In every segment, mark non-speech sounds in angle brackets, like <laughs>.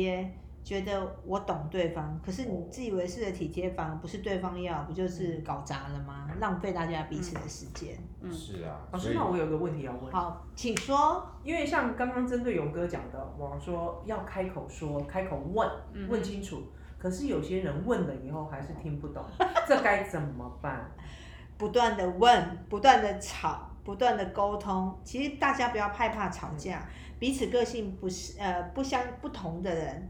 貼覺得我懂對方，可是你自以為是的體貼方，不是對方要，不就是搞砸了嗎？浪費大家彼此的時間。嗯，是啊。老師，那我有一個問題要問。好，請說。因為像剛剛針對勇哥講的，我說要開口說，開口問，問清楚。嗯、哼可是有些人問了以後還是聽不懂，這該怎麼辦？ <laughs> 不斷的問，不斷的吵。不斷的溝通，其實大家不要害怕吵架，對彼此個性不是呃不相不同的人，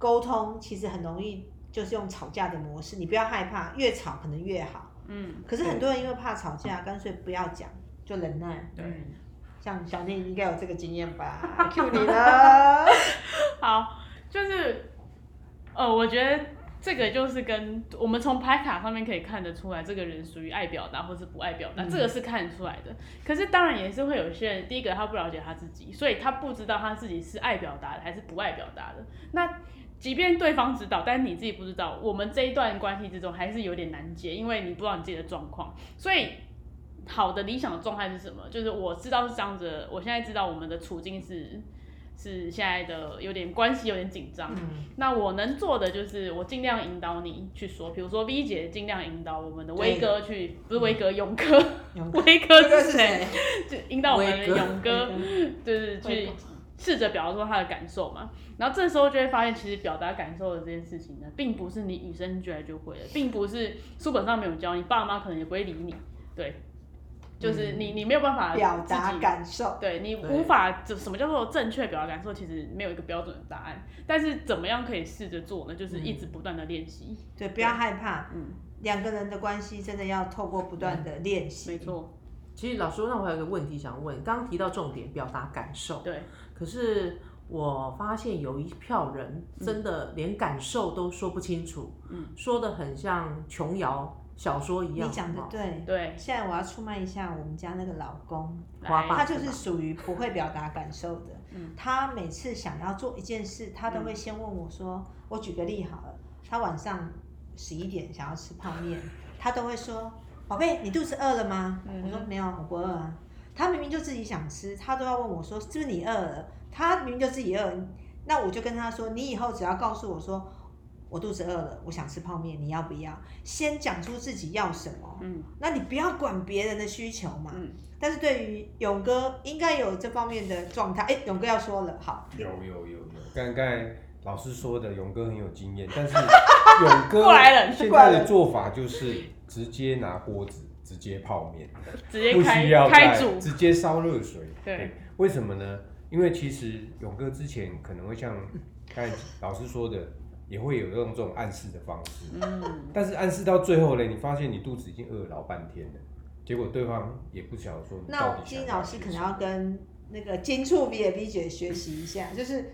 溝通其實很容易，就是用吵架的模式，你不要害怕，越吵可能越好。嗯，可是很多人因為怕吵架，對乾脆不要講，就忍耐。對像、嗯、小念應該有這個經驗吧？Cue <laughs> 你了。 <laughs> 好，就是，哦、我覺得。這個就是跟我們從牌卡上面可以看得出來，這個人屬於愛表達或是不愛表達，這個是看得出來的。可是當然也是會有些人，第一個他不了解他自己，所以他不知道他自己是愛表達的還是不愛表達的。那即便對方知道，但是你自己不知道，我們這一段關係之中還是有點難解，因為你不知道你自己的狀況。所以好的理想的狀態是什麼？就是我知道是這樣子，我現在知道我們的處境是。是現在的有點關係有點緊張，嗯、那我能做的就是我盡量引導你去說，比如說 V 姐盡量引導我們的威哥去，對不是威哥、嗯、勇哥， <laughs> 勇哥威哥是誰？誰就引導我們的勇哥，威哥就是去試着表達說他的感受嘛。然後這時候就會發現，其實表達感受的這件事情呢，並不是你與生俱來就會的，並不是書本上沒有教你，你爸媽可能也不會理你，對。就是你，你沒有辦法表達感受，對你無法，就對什麼叫做正確表達感受，其實沒有一個標準的答案。但是怎麼樣可以試着做呢？就是一直不斷的練習。對、嗯，不要害怕，對嗯，兩個人的關係真的要透過不斷的練習。沒錯，其實老師，那我還有一個問題想問，剛剛提到重點表達感受，對，可是我發現有一票人真的連感受都說不清楚，嗯，說得很像瓊瑤。小說一樣，你講的對。嗯、對，現在我要出賣一下我們家那個老公，啊、他就是屬於不會表達感受的。嗯、他每次想要做一件事，他都會先問我說：“嗯、我舉個例好了，他晚上十一點想要吃泡麵，他都會說：‘寶貝，你肚子餓了嗎？’嗯、我說：‘沒有，我不餓啊。嗯’他明明就自己想吃，他都要問我說：‘是不是你餓了？’他明明就自己餓，那我就跟他說：‘你以後只要告訴我說。’我肚子餓了，我想吃泡麵，你要不要？先講出自己要什麼。嗯，那你不要管別人的需求嘛。嗯，但是對於勇哥，應該有這方面的狀態。哎、欸，勇哥要說了，好。有有有有，剛剛才老師說的，勇哥很有經驗， <laughs> 但是勇哥過來人，現在的做法就是直接拿鍋子直接泡麵，不需要直接開開煮，直接燒熱水。對、欸，為什麼呢？因為其實勇哥之前可能會像剛才老師說的。也會有用這種暗示的方式，嗯，但是暗示到最後呢，你發現你肚子已經餓了老半天了，結果對方也不曉得說想那金老師可能要跟那個金處比也比姐學習一下， <laughs> 就是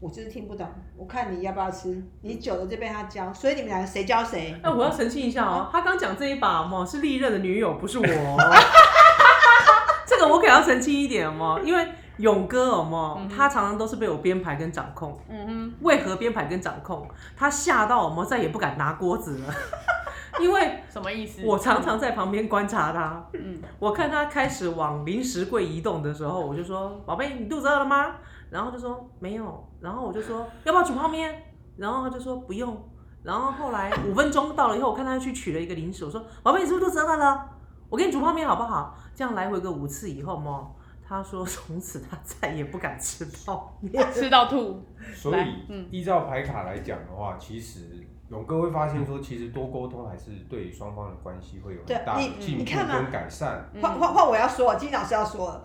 我就是聽不懂，我看你要不要吃，你久了就被他教，所以你們兩個誰教誰？那、嗯啊、我要澄清一下哦、喔，他剛講這一把哦，是歷任的女友，不是我。 <laughs> <laughs> 這個我可要澄清一點哦，因為。勇哥有有，哦、嗯哼，他常常都是被我編排跟掌控。嗯哼，為何編排跟掌控？他嚇到我們再也不敢拿鍋子了。 <laughs> 因為什麼意思？我常常在旁邊觀察他。嗯，我看他開始往零食櫃移動的時候，我就說：“寶貝，你肚子餓了嗎？”然後就說：“沒有。”然後我就說：“要不要煮泡麵？”然後他就說：“不用。”然後後來五分鐘到了以後，我看他去取了一個零食，我說：“寶貝，你是不是肚子餓了？我給你煮泡麵好不好？”這樣來回個五次以後，哦。他說：“從此他再也不敢吃泡麵，吃到吐。” <laughs> 所以 <laughs> 依照牌卡來講的話，其實勇哥會發現說，其實多溝通還是對雙方的關係會有很大的進步跟改善。換換換，嗯嗯、我要說，菳老師要說了，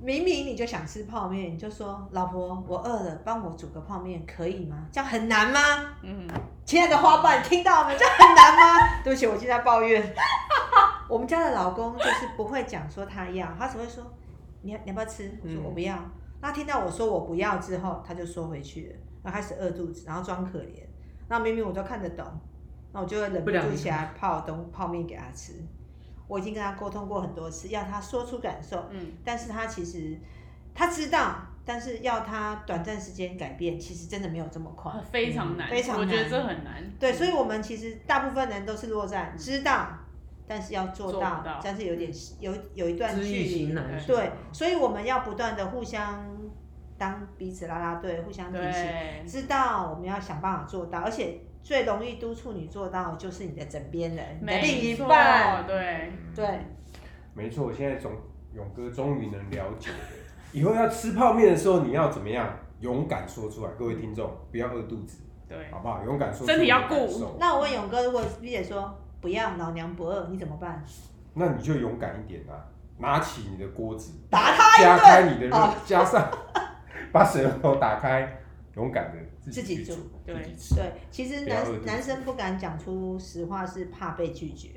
明明你就想吃泡麵，你就說：‘老婆，我餓了，幫我煮個泡麵可以嗎？’這樣很難嗎？嗯，親愛的花爸，你聽到沒？這樣很難嗎？ <laughs> 對不起，我現在抱怨， <laughs> 我們家的老公就是不會講說他要，他只會說。你你要不要吃？我說我不要。嗯，那聽到我說我不要之後，他就縮回去了，然後開始餓肚子，然後裝可憐。那明明我都看得懂，那我就會忍不住起來泡東泡面給他吃。我已經跟他溝通過很多次，要他說出感受。嗯。但是他其實他知道，但是要他短暫時間改變，其實真的沒有這麼快，非常難，嗯，非常難。我覺得這很難。對，所以我們其實大部分人都是落在知道。但是要做到，做不到，但是有點有，有一段距離，對，所以我們要不斷的互相當彼此拉拉隊，互相提醒，對知道我們要想辦法做到，而且最容易督促你做到的就是你的枕邊人，沒，你的另一半，對對，沒錯。現在終勇哥終於能了解， <laughs> 以後要吃泡麵的時候，你要怎麼樣勇敢說出來？各位聽眾，不要餓肚子，對，好不好？勇敢說出來，身體要顧。那我問勇哥，如果 V 姐說，不要，老娘不餓，你怎麼辦？那你就勇敢一點啊，拿起你的鍋子，打他一頓，加開你的肉、哦、加上， <laughs> 把水龍頭打開，勇敢的自己煮，自己吃，對，其實男男生不敢講出實話是怕被拒絕，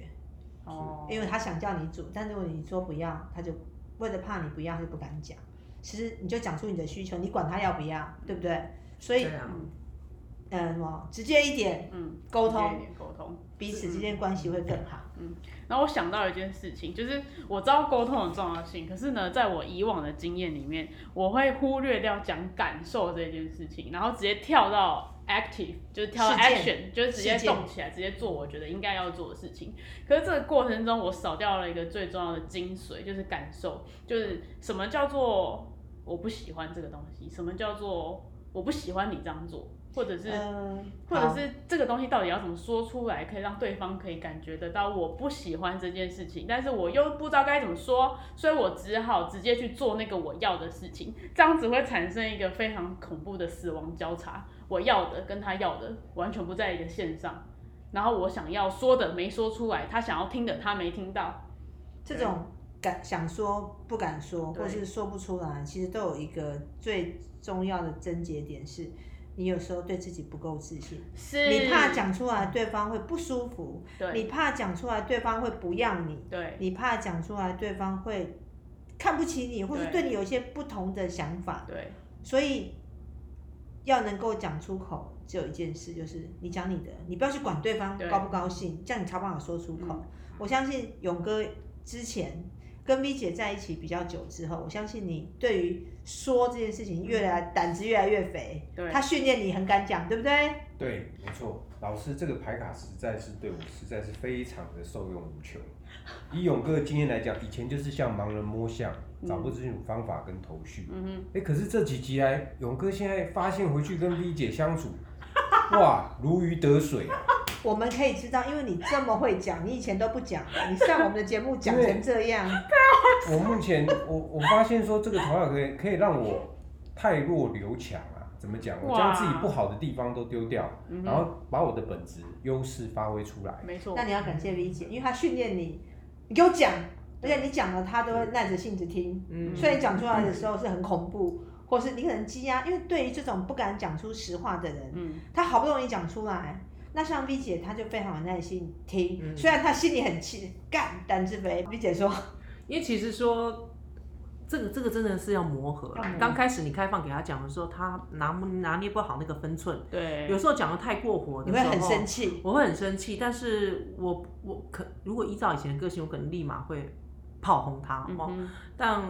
哦、嗯，因為他想叫你煮，但如果你說不要，他就為了怕你不要，就不敢講。其實你就講出你的需求，你管他要不要，對不對？所以。對嗯，直接一點？嗯，溝通，嗯、溝通，彼此之間關係會更好嗯嗯嗯嗯。嗯，然後我想到一件事情，就是我知道溝通的重要性，可是呢，在我以往的經驗裡面，我會忽略掉講感受這件事情，然後直接跳到 active，就是跳到 action，界就是直接動起來，界直接做我覺得應該要做的事情。可是這個過程中，我少掉了一個最重要的精髓，就是感受，就是什麼叫做我不喜歡這個東西，什麼叫做我不喜歡你這樣做。或者是，嗯、或者是這個東西到底要怎麼說出來，可以讓對方可以感覺得到我不喜歡這件事情，但是我又不知道該怎麼說，所以我只好直接去做那個我要的事情，這樣子會產生一個非常恐怖的死亡交叉。我要的跟他要的完全不在一個線上，然後我想要說的沒說出來，他想要聽的他沒聽到。這種敢想說不敢說，對或是說不出來，其實都有一個最重要的症結點是。你有時候對自己不夠自信，是你怕講出來對方會不舒服，對你怕講出來對方會不要你，對你怕講出來對方會看不起你，對或是對你有一些不同的想法，對所以要能夠講出口，只有一件事，就是你講你的，你不要去管對方高不高興，對這樣你才有辦法說出口。嗯、我相信勇哥之前。跟 V 姐在一起比較久之後，我相信你對於說這件事情越來、嗯、膽子越來越肥。對，他訓練你很敢講，對不對？對，沒錯。老師，這個牌卡實在是對我實在是非常的受用無窮。以勇哥的經驗來講，以前就是像盲人摸象，找不出這種方法跟頭緒。嗯哼、欸。可是這幾集來，勇哥現在發現回去跟 V 姐相處，哇，如魚得水、啊。我們可以知道，因為你這麼會講，你以前都不講，你上我們的節目講成這樣我。我目前，我我發現說這個脫口秀可以可以讓我汰弱留強啊？怎麼講？我將自己不好的地方都丟掉，哇然後把我的本質優勢發揮出來。沒錯、嗯哼。那你要感謝 V 姐，因為她訓練你，你給我講，而且你講了，她都會耐着性子聽。嗯。雖然講出來的時候是很恐怖，嗯、哼或是你可能積壓，因為對於這種不敢講出實話的人，嗯，他好不容易講出來。那像 V 姐，她就非常有耐心聽，嗯、雖然她心裡很氣干，但是被 V 姐說，因為其實說這個這個真的是要磨合，啊。剛、嗯、開始你開放給她講的時候，她拿拿捏不好那個分寸，對，有時候講的太過火，你會很生氣，我會很生氣。但是我我可如果依照以前的個性，我可能立馬會炮轟他嘛，好好嗯、哼但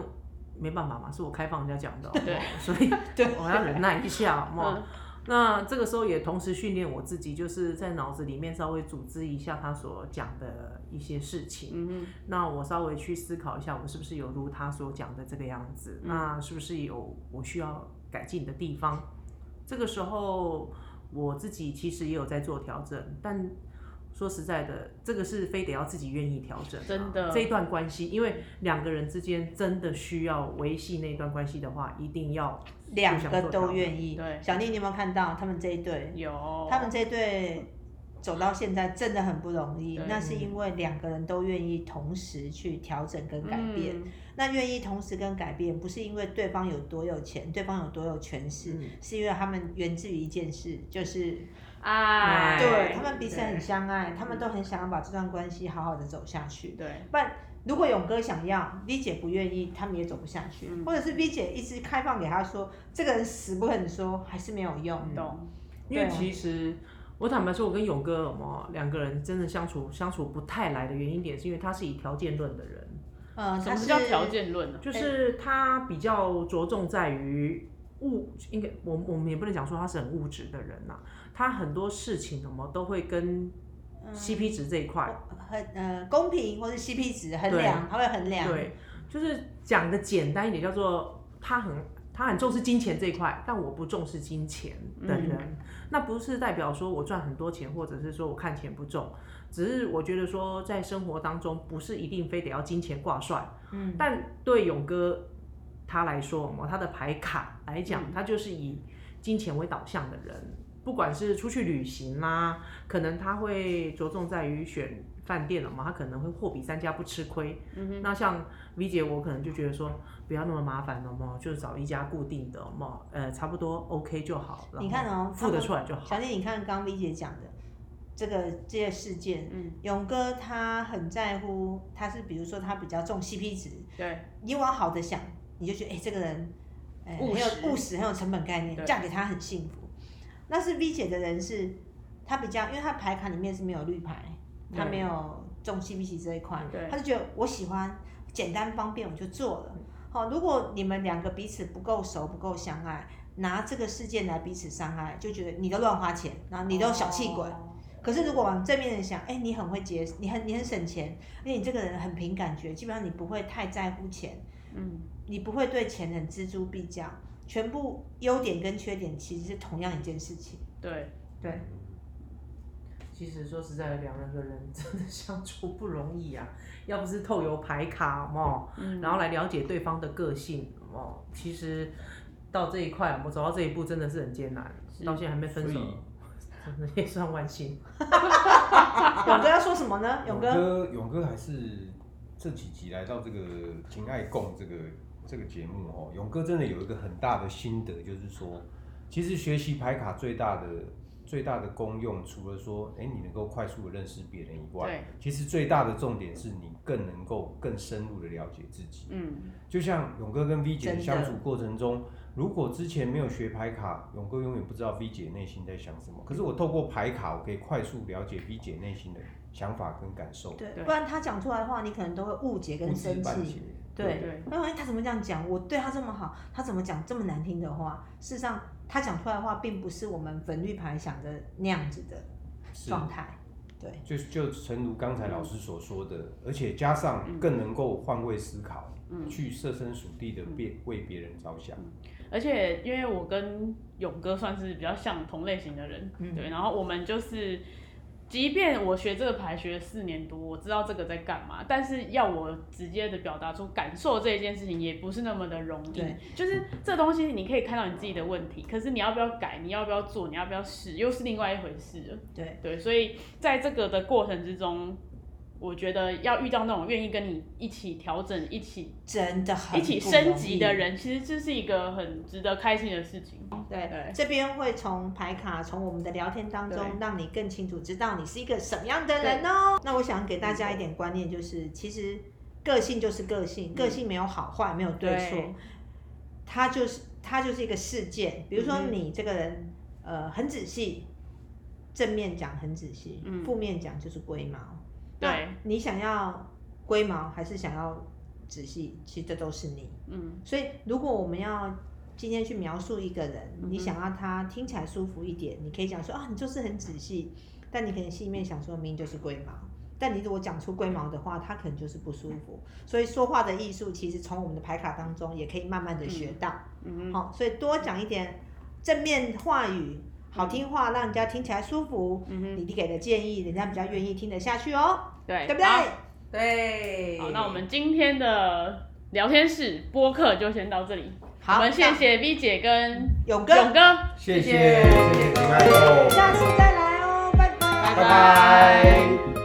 沒辦法嘛，是我開放人家講的，對好好，所以我要忍耐一下嘛。對好那這個時候也同時訓練我自己，就是在腦子裡面稍微組織一下他所講的一些事情。嗯哼。那我稍微去思考一下，我是不是有如他所講的這個樣子？那是不是有我需要改進的地方？嗯、這個時候我自己其實也有在做調整，但。說實在的，這個是非得要自己願意調整啊，真的這一段關係，因為兩個人之間真的需要維繫那一段關係的話，一定要兩個都願意。對，小寧，你有沒有看到他們這一對？有，他們這一對。走到現在真的很不容易，那是因為兩個人都願意同時去調整跟改變。那願意同時跟改變，不是因為對方有多有錢，對方有多有權勢，是因為他們源自於一件事，就是愛。對，他們彼此很相愛，他們都很想要把這段關係好好的走下去。對，但如果勇哥想要，V 姐不願意，他們也走不下去。或者是 V 姐一直開放給他說，這個人死不肯說，還是沒有用，懂？因為其實。我坦白說，我跟勇哥有沒有兩個人真的相處相處不太來的原因點，是因為他是以條件論的人。嗯、什麼叫條件論呢？啊？就是他比較着重在於物，應該、欸、我我們也不能講說他是很物質的人吶、啊。他很多事情什麼都會跟 CP 值這一塊、嗯，很呃公平或是 CP 值衡量，他對會衡量。對，就是講的簡單一點，叫做他很。他很重視金錢這一塊，但我不重視金錢的人，嗯、那不是代表說我賺很多錢，或者是說我看錢不重，只是我覺得說在生活當中不是一定非得要金錢掛帥。嗯，但對勇哥他來說，他的牌卡來講，嗯、他就是以金錢為導向的人，不管是出去旅行啦、啊，可能他會着重在於選。飯店了嘛，他可能會貨比三家不吃虧。嗯、哼那像 V 姐我可能就覺得說，不要那麼麻煩了嘛，就找一家固定的嘛，呃，差不多 OK 就好。你看哦，付得出來就好。哦、小寧，你看剛剛 V 姐講的這個這些事件，嗯、勇哥他很在乎，他是比如說他比較重 CP 值。對。你往好的想，你就覺得哎，這個人，哎、實很有務實，很有成本概念，對嫁給他很幸福。那是 V 姐的人是，他比較，因為他牌卡裡面是沒有綠牌。嗯、他沒有重心比起這一塊，對他就覺得我喜歡簡單方便，我就做了。好、嗯，如果你們兩個彼此不夠熟、不夠相愛，拿這個事件來彼此傷害，就覺得你都亂花錢，然後你都小氣鬼。哦、可是如果往正面的人想、欸，你很會節，你很你很省錢，因為你這個人很憑感覺，基本上你不會太在乎錢。嗯，嗯，你不會對錢很錙銖必較，全部優點跟缺點其實是同樣一件事情。對對。對其實說實在的，兩個人真的相處不容易啊。要不是透由牌卡嘛，然後來了解對方的個性好不好？其實到這一塊，我走到這一步真的是很艱難。是到現在還沒分手，所以也算萬幸。勇哥要說什麼呢？勇哥，勇哥還是這幾集來到這個情愛共這個這個節目哦，勇哥真的有一個很大的心得，就是說，其實學習牌卡最大的。最大的功用，除了說，誒、欸、你能夠快速的認識別人以外，對其實最大的重點是你更能夠更深入的了解自己。嗯，就像勇哥跟 V 姐的相處過程中，的如果之前沒有學牌卡，勇哥永遠不知道 V 姐內心在想什麼。可是我透過牌卡，我可以快速了解 V 姐內心的想法跟感受。對，不然他講出來的話，你可能都會誤解跟生氣。不知對，對對哎，他怎麼這樣講？我對他這麼好，他怎麼講這麼難聽的話？事實上，他講出來的話，並不是我們粉綠牌想的那樣子的狀態。是對，就就誠如剛才老師所說的，嗯、而且加上更能夠換位思考，嗯、去設身處地的別為別人着想。嗯、而且，因為我跟勇哥算是比較像同類型的人，嗯、對，然後我們就是。即便我學這個牌學了四年多，我知道這個在幹嘛，但是要我直接的表達出感受這一件事情也不是那麼的容易。對，就是這東西你可以看到你自己的問題，可是你要不要改，你要不要做，你要不要試，又是另外一回事。對對，所以在這個的過程之中。我覺得要遇到那種願意跟你一起調整、一起真的、一起升級的人，其實這是一個很值得開心的事情。對對，這邊會從牌卡、從我們的聊天當中，讓你更清楚知道你是一個什麼樣的人哦。那我想給大家一點觀念，就是其實個性就是個性，個性沒有好壞，沒有對錯，它就是它就是一個事件。比如說你這個人，呃，很仔細，正面講很仔細，嗯，負面講就是龜毛。對、啊、你想要龜毛還是想要仔細？其實這都是你。嗯，所以如果我們要今天去描述一個人，嗯、哼你想要他聽起來舒服一點，你可以講說啊，你就是很仔細。但你可能心裡面想說，明就是龜毛。但你如果講出龜毛的話，嗯、他可能就是不舒服。所以說話的藝術，其實從我們的牌卡當中也可以慢慢的學到。嗯，嗯，好，所以多講一點正面話語。好聽話，讓人家聽起來舒服。嗯哼，你給的建議，人家比較願意聽得下去哦。對，對不對？對。好，那我們今天的聊天室播客就先到這裡。好，我們謝謝 V 姐跟勇哥，勇哥，謝謝，謝謝，下次再來哦，拜拜，拜拜。